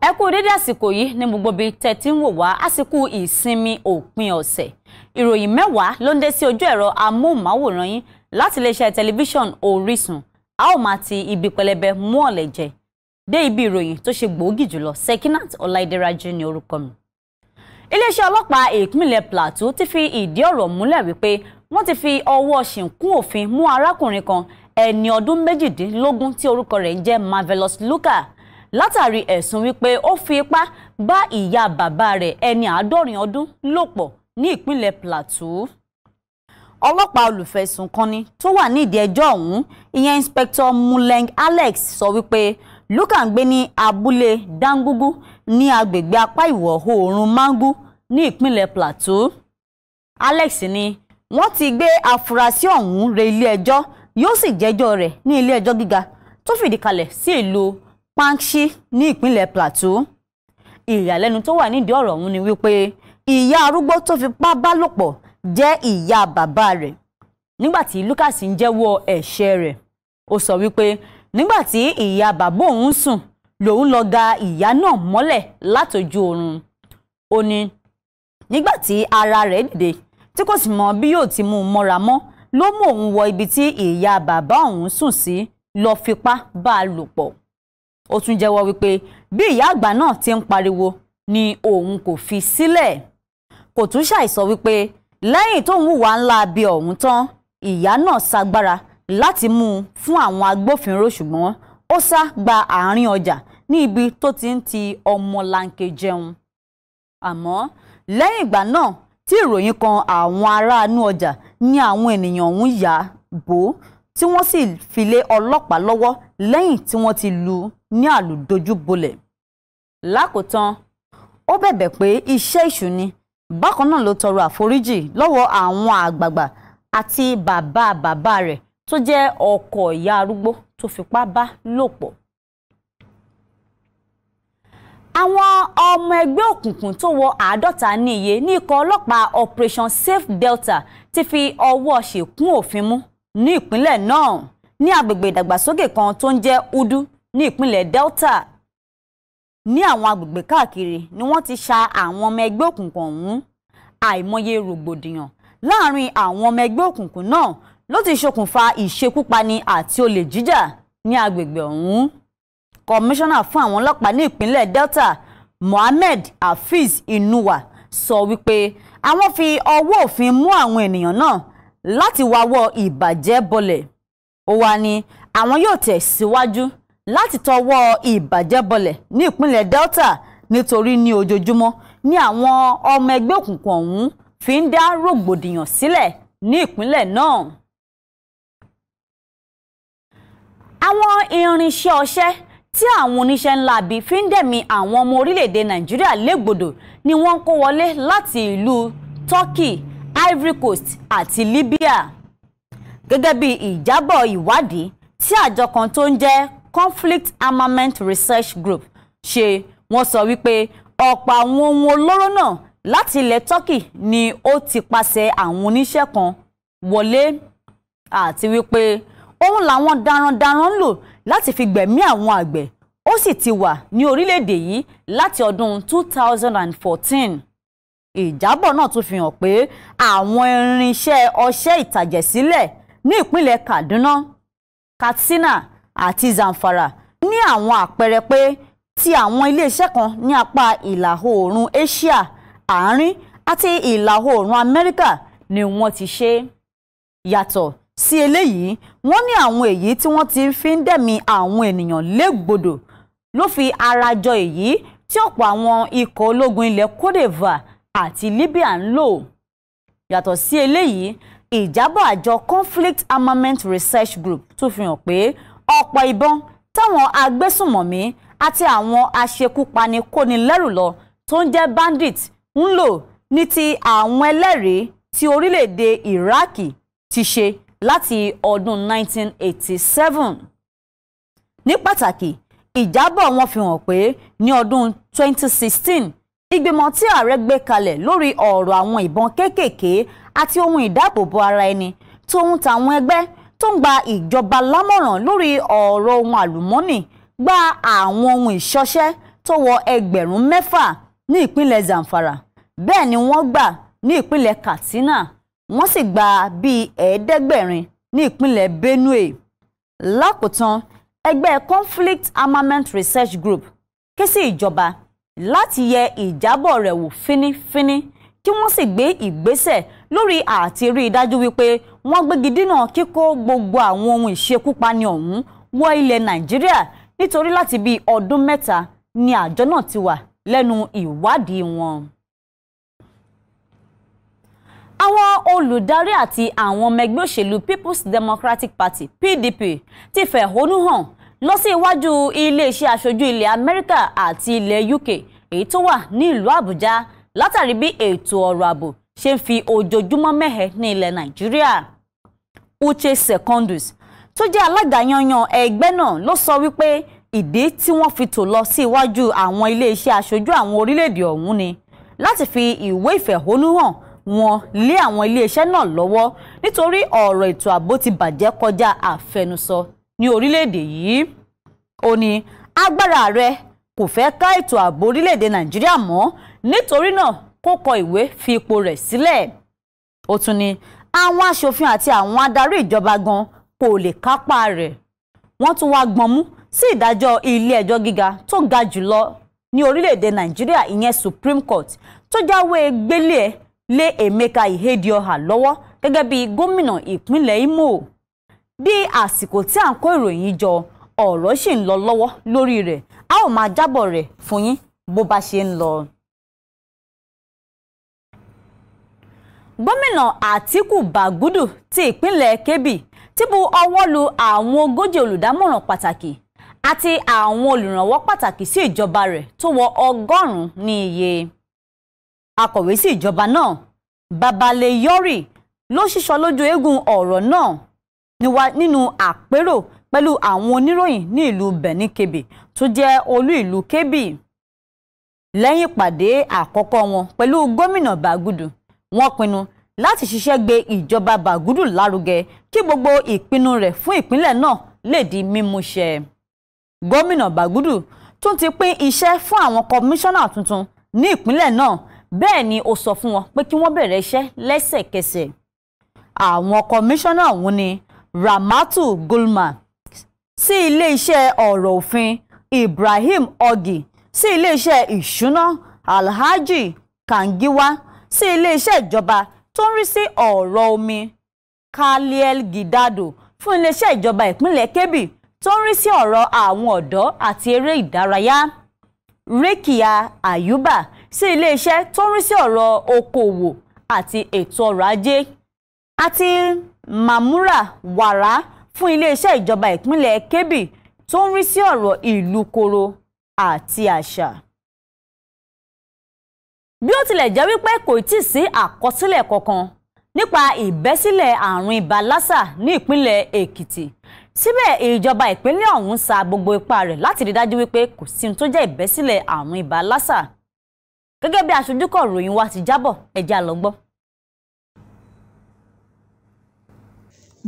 ẹ kú dédé àsìkò yìí ní gbogbo ibi tẹ́ ti ń wò wá àsìkò ìsinmi òpin ọ̀sẹ̀ ìròyìn mẹ́wàá ló ń dé sí ojú ẹ̀rọ amóhùnmáwòrán yín láti iléeṣẹ́ tẹlifíṣàn Orísun a ó máa ti ibi pẹlẹbẹ mú ọ̀lẹ̀ jẹ dé ibi ìròyìn tó ṣe gbòógì jùlọ Sekinat Ọláìdẹ́rajì ni orúkọ mi. iléeṣẹ́ ọlọ́pàá ìpínlẹ̀ Plateau ti fi ìdí ọ̀rọ̀ múlẹ̀ wípé wọ́n ti fi ọwọ́ ṣìnkún òfin mú arákùnrin kan ẹni ọdún méjìdínlógún tí orúkọ rẹ̀ ń jẹ́ Marvelous Luka látàrí ẹ̀sùn wípé ó fi ipá bá ìyá bàbá rẹ̀ ẹni àádọ́rin ọdún lò pọ̀ ní ìpínlẹ̀ Plateau ọlọ́pàá olùfẹ̀sùnkanni tó wà nídìí ẹjọ́ ọ̀hún ìyẹn inspector Muleng Alex sọ wípé Luka ní abúlé Dangugu ní agbègbè apá ìwọ̀ oòrùn Mangu ní ìpínlẹ̀ Plateau Alex ni wọ́n ti gbé afurasí ọ̀hún re ilé ẹjọ́ yóò sì jẹ́jọ́ rẹ̀ ní ilé ẹjọ́ gíga tó fìdí kalẹ̀ sí ìlú Panchi ní ìpínlẹ̀ Plateau ìyàlẹ́nu tó wà nídìí ọ̀rọ̀ ọ̀hún ni wípé ìyá arúgbó tó fipá bá lò pọ̀ jẹ́ ìyá bàbá rẹ̀ nígbà tí Lucas ń jẹ́wọ́ ẹ̀ṣẹ̀ rẹ̀ ó sọ wípé nígbà tí ìyá bàbá òun sùn lòun lọ ga ìyá náà mọ́lẹ̀ látojú oorun ó ní nígbà ara rẹ̀ dìde tí kò sì mọ bí yóò ti mú un mọ́ra mọ́ ló mú òun wọ ibi tí ìyá bàbá òun sùn sí lọ fipá bá a lò pọ̀ ó tún jẹ́wọ́ wípé bí ìyá àgbà náà ti ń pariwo ni òun kò fi sílẹ̀ kò tún ṣàìsọ wípé lẹ́yìn tóun hùwà ńlá bí ọ̀hún tán ìyá náà sagbára láti mú un fún àwọn agbófinró ṣùgbọ́n ó sá gba àárín ọjà ní ibi tó ti ń ti ọmọlanke jẹun àmọ́ lẹ́yìn ìgbà náà tí ìròyìn kan àwọn aráàánú ọjà ní àwọn ènìyàn ọ̀hún yà bò tí wọ́n sì fi lé ọlọ́pàá lọ́wọ́ lẹ́yìn tí wọ́n ti lù ú ní àlùdojúbolẹ̀ lákòótán ó bẹ̀bẹ̀ pé iṣẹ́ ìṣù ni bákan náà ló tọrọ àforíjì lọ́wọ́ àwọn àgbààgbà àti bàbá bàbá rẹ̀ tó jẹ́ ọkọ ìyá arúgbó tó fipá bá lò pọ̀ àwọn ọmọ ẹgbẹ́ òkùnkùn tó wọ àádọ́ta ní iye ní ikọ̀ ọlọ́pàá Operation Safe Delta ti fi ọwọ́ ṣìkún òfin mú ní ìpínlẹ̀ náà ní agbègbè ìdàgbàsókè kan tó ń jẹ́ Udu ní ìpínlẹ̀ Delta ní àwọn agbègbè káàkiri ni wọ́n ti ṣa àwọn ọmọ ẹgbẹ́ òkùnkùn ọ̀hún àìmọye rògbòdìyàn láàrin àwọn ọmọ ẹgbẹ́ òkùnkùn náà ló ti ṣokùnfà ìṣekúpani àti olè jíjà ní agbègbè ọ̀hún kọmíṣánná fún àwọn ọlọ́pàá ní ìpínlẹ̀ Delta Mohammed Hafiz Inuwa sọ wípé àwọn fi ọwọ́ òfin mú àwọn ènìyàn náà láti wáwọ́ ìbàjẹ́ bọlẹ̀ ó wá ní àwọn yóò tẹ̀síwájú láti tọwọ́ ìbàjẹ́ bọlẹ̀ ní ìpínlẹ̀ Delta nítorí ní ojoojúmọ́ ni àwọn ọmọ ẹgbẹ́ òkùnkùn ọ̀hún fi ń dá rògbòdìyàn sílẹ̀ ní ìpínlẹ̀ náà. àwọn irinṣẹ́ ọṣẹ́ tí àwọn oníṣẹ́ ńlá bíi fi ń dẹ̀mí àwọn ọmọ orílẹ̀-èdè Nàìjíríà légbodò ni wọ́n ń kó wọlé láti ìlú Turkey Ivory Coast àti Libya gẹ́gẹ́ bí ìjábọ̀ ìwádìí tí àjọ kan tó ń jẹ́ conflict armament research group ṣe wọ́n sọ wípé ọ̀pọ̀ àwọn ohun olóró náà láti ilẹ̀ turkey ni ó ti pàṣẹ àwọn oníṣẹ́ kan wọlé àti wípé òun làwọn darandaran ń lò láti fi gbẹ̀mí àwọn àgbẹ̀ ó sì ti wà ní orílẹ̀-èdè yìí láti ọdún 2014 ìjábọ̀ náà tún fi hàn pé àwọn irinṣẹ́ ọṣẹ́ ìtàjẹ̀sílẹ̀ ní ìpínlẹ̀ Kaduna Katsina àti Zamfara ní àwọn àpẹẹrẹ pé ti àwọn iléeṣẹ́ kan ní apá ìlà oòrùn Asia àárín àti ìlà oòrùn Amẹ́ríkà ni wọ́n ti ṣe yàtọ̀ sí eléyìí wọ́n ní àwọn èyí tí wọ́n ti fi ń dẹ̀mí àwọn ènìyàn légbodò ló fi ara jọ èyí tí ọ̀pọ̀ àwọn ikọ̀ ológun ilẹ̀ Cote d'Ivoire àti Libya ń lò yàtọ̀ sí eléyìí ìjábọ̀ àjọ conflict armament research group tún fi hàn pé ọ̀pọ̀ ìbọn táwọn agbésùnmọ̀mí àti àwọn aṣekúpani kóni lẹ́rù lọ tó ń jẹ́ bandit ń lò ní ti àwọn ẹlẹ́rìí tí orílẹ̀-èdè Iraki ti ṣe láti ọdún 1987 ní pàtàkì ìjábọ̀ wọn fi hàn pé ní ọdún 2016 ìgbìmọ̀ tí ààrẹ gbé kalẹ̀ lórí ọ̀rọ̀ àwọn ìbọn kéékèèké àti ohun ìdáàbòbò ara ẹni tóun tàwọn ẹgbẹ́ tó ń gba ìjọba lámọ̀ràn lórí ọ̀rọ̀ ohun àlùmọ́nì gba àwọn ohun ìṣọṣẹ́ tó wọ ẹgbẹ̀rún mẹ́fà ní ìpínlẹ̀ Zamfara bẹ́ẹ̀ ni wọ́n gbà ní ìpínlẹ̀ Katsina wọ́n sì gba bíi ẹ̀ẹ́dẹ́gbẹ̀rin ní ìpínlẹ̀ Benue lákòótán ẹgbẹ́ Conflict Armament Research Group ké sí ìjọba láti yẹ ìjábọ̀ rẹ̀ wò fínífíní kí wọ́n sì gbé ìgbésẹ̀ lórí àti rí i dájú wípé wọ́n gbégi dínà kíkó gbogbo àwọn ohun ìṣekúpani ọ̀hún wọ ilẹ̀ nàìjíríà nítorí láti bíi ọdún mẹ́ta ni àjọ náà ti wà lẹ́nu ìwádìí wọn. Àwọn olùdarí àti àwọn ọmọ ẹgbẹ́ òṣèlú People's Democratic Party PDP ti fẹ̀hónú hàn lọ sí iwájú iléeṣẹ́ aṣojú ilẹ̀ Amẹ́ríkà àti ilẹ̀ UK èyí tó wà ní ìlú Àbújá látàrí bí ètò ọrọ̀ ààbò ṣe ń fi ojoojúmọ́ mẹ́hẹ̀ ní ilẹ̀ nàìjíríà uche secondus tó jẹ́ alága yanyan ẹgbẹ́ náà ló sọ wípé ìdí tí wọ́n fi tò lọ sí iwájú àwọn iléeṣẹ́ aṣojú àwọn orílẹ̀-èdè ọ̀hún ni láti fi ìwé ìfẹ̀hónúhàn wọn lé àwọn iléeṣẹ́ náà lọ́wọ́ nítorí ọ̀rọ̀ ètò ààbò ti bàjẹ́ kọjá àfẹnusọ ní orílẹ̀-èdè yìí ó ní agbára rẹ kò fẹ́ ká ètò ààbò orílẹ̀-èdè nàìjíríà mọ́ nítorí náà kó kọ ìwé fi ipò rẹ̀ sílẹ̀ ó tún ní àwọn aṣòfin àti àwọn adarí ìjọba gan kò lè kápá rẹ̀ wọ́n tún wá gbọ̀nmú sí ìdájọ́ ilé-ẹjọ́ gíga tó ga jùlọ ní orílẹ̀-èdè nàìjíríà ìyẹn supreme court tó jáwé gbélé ẹ̀ lé Emeka Ihedioha lọ́wọ́ gẹ́gẹ́ bí gómìnà ìpínlẹ̀ Imo bí àsìkò tí à ń kó ìròyìn jọ ọ̀rọ̀ ṣì ń lọ lọ́wọ́ lórí rẹ̀ a ó máa jábọ̀ rẹ̀ fún yín bó bá ṣe ń lọ. gómìnà àtíkù bàgúdù ti ìpínlẹ̀ kebbi ti bu ọwọ́ lu àwọn ogójì olùdámọ̀ràn pàtàkì àti àwọn olùrànwọ́ pàtàkì sí ìjọba rẹ̀ tó wọ ọgọ́rùn-ún ní iye akọ̀wé sí ìjọba náà babalẹ̀ yọrì ló ṣíṣọ lójú eégún ọ̀rọ̀ náà nínú àpérò pẹ̀lú àwọn oníròyìn ní ìlú benin kebbi tó jẹ́ olú ìlú kebbi lẹ́yìn ìpàdé àkọ́kọ́ wọn pẹ̀lú gómìnà bàgúdù wọ́n pinnu láti ṣiṣẹ́ gbé ìjọba bàgúdù lárugẹ kí gbogbo ìpinnu rẹ̀ fún ìpínlẹ̀ náà lè di mímúṣẹ. gómìnà bàgúdù tún ti pín iṣẹ́ fún àwọn kọmíṣánná tuntun ní ìpínlẹ̀ náà bẹ́ẹ̀ ni ó sọ fún wọn pé kí wọ́n bẹ̀rẹ̀ iṣẹ́ lẹ́sẹ̀kẹsẹ̀. àwọn kọmíṣánná ọ̀hún ni ramatu gulma sí si ilé-iṣẹ́ ọ̀rọ̀ òfin ibrahim ogi sí si ilé-iṣẹ́ ìṣúná alhaji kangiwa sí iléeṣẹ́ ìjọba tó ń rí sí ọ̀rọ̀ omi Kaliel Gidado fún iléeṣẹ́ ìjọba ìpínlẹ̀ Kebbi tó ń rí sí ọ̀rọ̀ àwọn ọ̀dọ́ àti eré ìdárayá Rekia Ayuba sí iléeṣẹ́ tó ń rí sí ọ̀rọ̀ okòwò àti ètò ọrọ̀ ajé àti Mamura Wara fún iléeṣẹ́ ìjọba ìpínlẹ̀ Kebbi tó ń rí sí ọ̀rọ̀ ìlú koro àti àṣà bí ó tilẹ̀ jẹ́ wípé kò tíì sí àkọsílẹ̀ kankan nípa ìbẹ́sílẹ̀ àrùn ibà lásà ní ìpínlẹ̀ Èkìtì síbẹ̀ ìjọba ìpínlẹ̀ ọ̀hún sa gbogbo ipá rẹ̀ láti rí dájú wípé kò sí tó jẹ́ ìbẹ́sílẹ̀ àrùn ibà lásà gẹ́gẹ́ bí aṣojúkọ̀ ròyìn wa ti jábọ̀ ẹ já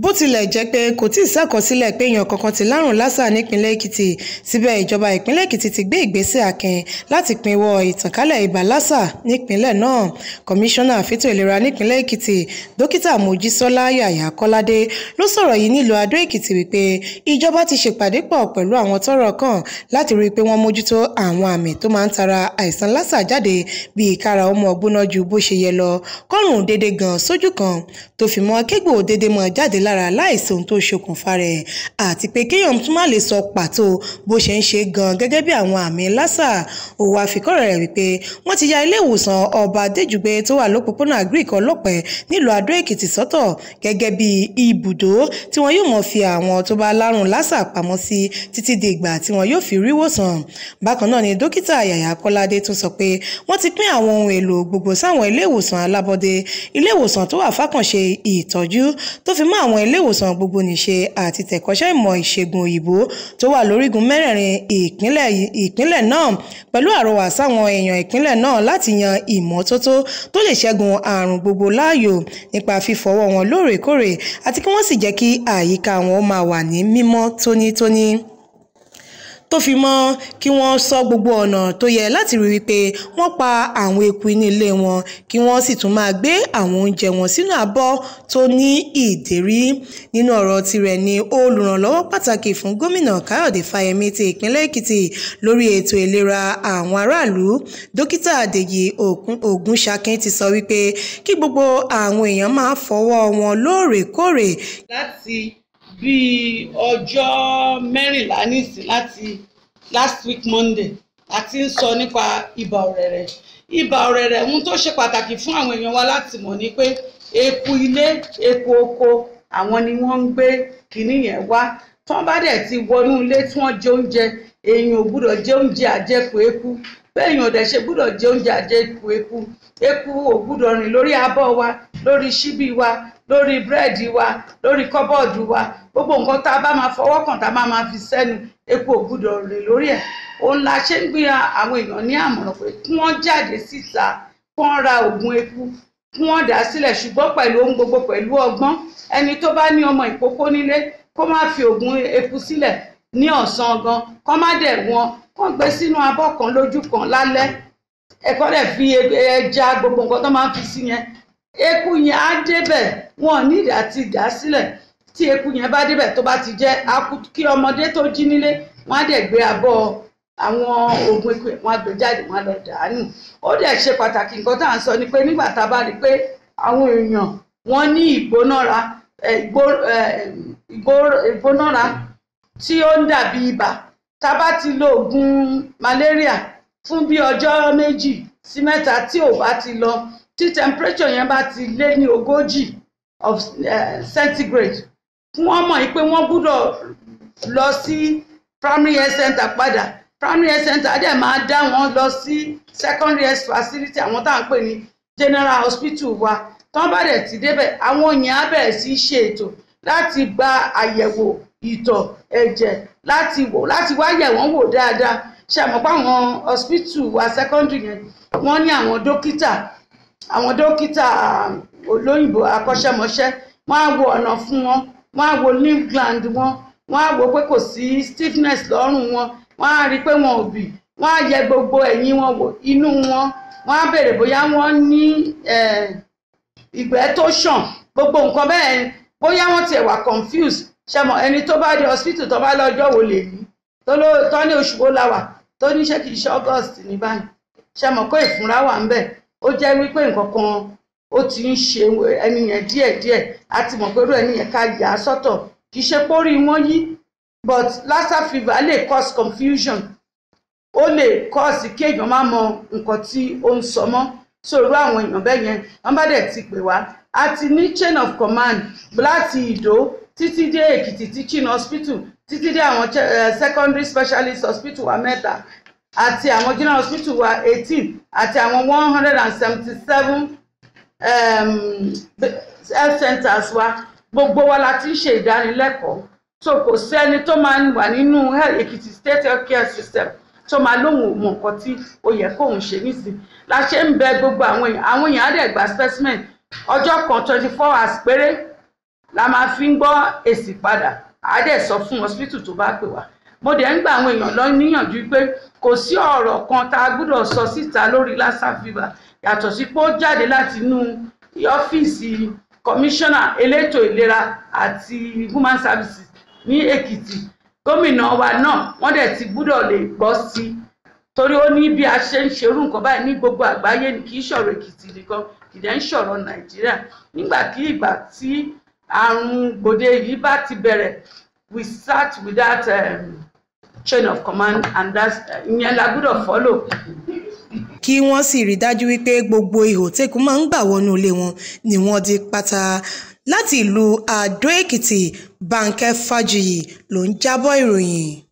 bó tilẹ̀ jẹ́ pé kò tí ì ṣàkọsílẹ̀ pé èèyàn kankan ti lárùn lásà nípínlẹ̀ èkìtì síbẹ̀ ìjọba ìpínlẹ̀ èkìtì ti gbé ìgbésẹ̀ akin láti pinwọ́ ìtànkálẹ̀ ibà lásà nípínlẹ̀ náà kọmíṣánná àfẹ́tò ìlera nípínlẹ̀ èkìtì dókítà mojísọ́lá yàyà kọ́ládé ló sọ̀rọ̀ yìí nílùú adó èkìtì wípé ìjọba ti ṣèpàdé pọ̀ pẹ̀lú àwọn tọ́rọ̀ kàn láti rí i pé wọ́n mójútó àwọn àmì tó máa ń tara àìsàn lásà jáde bíi kára ọmọ ọgbóná lára láìsí ohun tó ṣokùnfà rẹ̀ àti pé kéèyàn tún má lè sọ pàtó bó ṣe ń ṣe gan gẹ́gẹ́ bí àwọn àmì lásà òwò àfikọ́rọ̀ rẹ̀ wípé wọ́n ti ya ilé ìwòsàn ọba adéjùgbé tó wà lópòpónà agric ọlọ́pẹ́ nílùú adó èkìtì sọ́tọ̀ gẹ́gẹ́ bí ibùdó tí wọn yóò mọ̀ fi àwọn tó bá lárùn lásà pamọ́ sí títí di ìgbà tí wọn yóò fi rí ìwòsàn bákan náà ni dókítà yàyà kọ́ládé tún sọ pé wọ́n ti pín àwọn ohun èlò gbogbo sáwọn ilé ìwòsàn alábọ́dé ilé ìwòsàn tó wà fákànṣe ìtọ́jú tó fi mọ́ àwọn iléèwòsàn gbogbonìṣe àti tẹ̀kọ́ṣẹ́ ìmọ̀ ìṣègùn òyìnbó tó wà lórígun mẹ́rẹ̀ẹ̀rin ìpínlẹ̀ náà pẹ̀lú àrọwà sáwọn èèyàn ìpínlẹ̀ náà láti yan ìmọ́tótó tó lè ṣẹ́gun àrùn gbogbo láàyò nípa fífọwọ́ wọn lóòrèkóòrè àti kí wọ́n sì jẹ́ kí àyíká wọn máa wà ní mímọ́ tónítóní tó fi mọ́ kí wọ́n sọ gbogbo ọ̀nà tó yẹ láti rí wípé wọ́n pa àwọn eku inú ilé wọn kí wọ́n sì tún máa gbé àwọn oúnjẹ wọn sínú abọ́ tó ní ìdérí nínú ọ̀rọ̀ tirẹ̀ ni olùrànlọ́wọ́ pàtàkì fún gómìnà Káyọ̀dé Fáyẹmí ti ìpínlẹ̀ Èkìtì lórí ètò ìlera àwọn aráàlú dókítà Adéyí Ògúnṣakin ti sọ wípé kí gbogbo àwọn èèyàn máa fọwọ́ wọn lóòrèkóòrè láti bíi ọjọ́ mẹ́rìnlá nísìn láti last week monday àti ń sọ nípa ibà ọ̀rẹ̀rẹ̀ ibà ọ̀rẹ̀rẹ̀ ohun tó ṣe pàtàkì fún àwọn èèyàn wa láti mọ̀ ni pé eku ilé eku oko àwọn ni wọ́n ń gbé kinní yẹn wá tí wọ́n bá dẹ̀ ti wọnú ilé tí wọ́n jẹ oúnjẹ èèyàn ò gbúdọ̀ jẹ oúnjẹ àjẹkù eku bẹ́ẹ̀yàn ò dẹ̀ ṣe gbúdọ̀ jẹ oúnjẹ àjẹkù eku eku ò gbúdọ̀ rìn lórí abọ́ wa lórí ṣíbí wa lórí búrẹ́dì wa lórí kọ́bọ́ọ̀dù wa gbogbo nǹkan tá a bá máa fọwọ́ kàn tá a máa máa fi sẹ́nu eku ò gbúdọ̀ rìn lórí ẹ̀ òun la ṣe ń gbé àwọn èèyàn ní àmọ̀ràn pé kí wọ́n jáde síta kí wọ́n ra oògùn eku kí wọ́n dà á sílẹ̀ ṣùgbọ́n pẹ̀lú ohun gbogbo pẹ̀lú ọgbọ́n ẹni tó bá ní ọmọ ìkókó nílé kó má fi oògùn eku sílẹ̀ ní ọ̀sán gan kọ́ má dẹ̀ wọn kọ́ gbé sínú abọ́ kan lójú kan lálẹ́ ẹ̀kọ́ dẹ̀ fi ẹja gbogbo nǹkan tó máa ń fi sí yẹn eku yẹn á débẹ̀ wọn ní ìdá ti dà sílẹ̀ tí eku yẹn bá débẹ̀ tó bá ti jẹ́ kí ọmọdé tó jí nílé wọn á dẹ̀ gbé abọ́ àwọn oògùn eku wọn á gbé jáde wọn á lọ dànù ó dẹ̀ ṣe pàtàkì nǹkan tá à ń sọ ni pé nígbà tá a bá rí i pé àwọn èèyàn wọn ní ìgbónára ìgbónára tí ó ń dàbí ibà tá bá ti lo oògùn malaria fún bí ọjọ́ méjì sí mẹ́ta tí ò bá ti lọ tí temperature yẹn bá ti lé ní ogójì of eh, centigrade wọ́n mọ̀ pé wọ́n gbúdọ̀ lọ sí primary health center padà primary health center dẹ̀ máa dá wọn lọ sí secondary health facility àwọn tá à ń pè ní general hospital wa tán bá dẹ̀ ti débẹ̀ àwọn èèyàn á bẹ̀rẹ̀ sí ṣe ètò láti gba àyẹ̀wò ìtọ̀ ẹ̀jẹ̀ láti wò láti wá yẹ̀ wọ́n wò dáadáa ṣe àmọ́ pé àwọn hospital wa secondary yẹn wọ́n ní àwọn dókítà àwọn dókítà olóyìnbó akọ́ṣẹ́mọṣẹ́ wọ́n á wo ọ̀nà fún wọn wọ́n á wo lymph gland wọn wọ́n á wo pé kò sí stiffness lọ́rùn wọn wọ́n á rí i pé wọn ò bì wọ́n á yẹ gbogbo ẹ̀yìn wọn wò inú wọn wọ́n á béèrè bóyá wọ́n ní ìgbẹ́ tó ṣàn gbogbo nǹkan bẹ́ẹ̀ bóyá wọ́n tiẹ̀ wà confused ṣẹmọ ẹni tó bá dé hospital tó bá lọ́jọ́ wo lè ní tó ní oṣù wo la wà tó ní ṣé kìí ṣe august ní báyìí ṣẹmọ kó ìfúnra wà ń bẹ ó jẹ́ wípé nǹkan kan ó ti ń ṣe ẹni yẹn díẹ̀díẹ̀ a ti mọ̀ pé irú ẹni yẹn ká yà á sọ́tọ̀ kì í ṣe pórí wọn yí but Lassa fever lè cause confusion ó lè cause kí èèyàn má mọ nǹkan tí ó ń sọ mọ́ sòrò àwọn èèyàn bẹ́ẹ̀ yẹn wọ́n bá dẹ̀ ti pè wá a ti ní chain of command láti ìdó títí dé èkìtì teaching hospital títí dé àwọn eh, secondary specialist hospital wa mẹ́ta àti àwọn general hospital wa eighteen àti àwọn one hundred and seventy seven ehm, health centers wa gbogbo wa la ti ń ṣe ìdánilẹ́kọ̀ọ́ so kò sẹ́ni tó máa wà nínú èkìtì state healthcare system tó máa lóun ò mọ nǹkan tí ó yẹ kóun ṣe nísìn la ṣe ń bẹ gbogbo àwọn èèyàn àwọn èèyàn á dẹ̀ gba specimen ọjọ́ kan twenty four hours péré la máa fi ń gbọ́ èsì padà àádẹ́ sọ fún hospital tó bá pè wá mo dẹ̀ ń gba àwọn èèyàn lọ níyànjú pé kò sí ọ̀rọ̀ kan tá a gbúdọ̀ sọ síta lórí lassa fever yàtọ̀ sí pé ó jáde láti inú ọ́fíìsì kọmíṣánná elétò ìlera àti human services ní èkìtì gómìnà wa náà wọ́n dẹ̀ ti gbúdọ̀ lè gbọ́ sí i torí ó ní bí a ṣe ń ṣerú nǹkan báyìí ní gbogbo àgbáyé ni kì í ṣọ̀rọ̀ èkìtì nìkan kì í dẹ̀ ń ṣọ̀rọ̀ nàìjíríà nígbàkigbà tí àrùn gbòde yìí bá ti bẹ̀rẹ̀ we start with that um, chain of command and that uh, ìyẹn la gbọ́dọ̀ follow kí wọ́n sì rí dájú wípé gbogbo ihò tẹ́kùn máa ń gbà wọnú ilé wọn ni wọ́n di pátá láti ìlú Àdó-Èkìtì Bánkẹ́ Fájuyì ló ń jábọ̀ ìròyìn.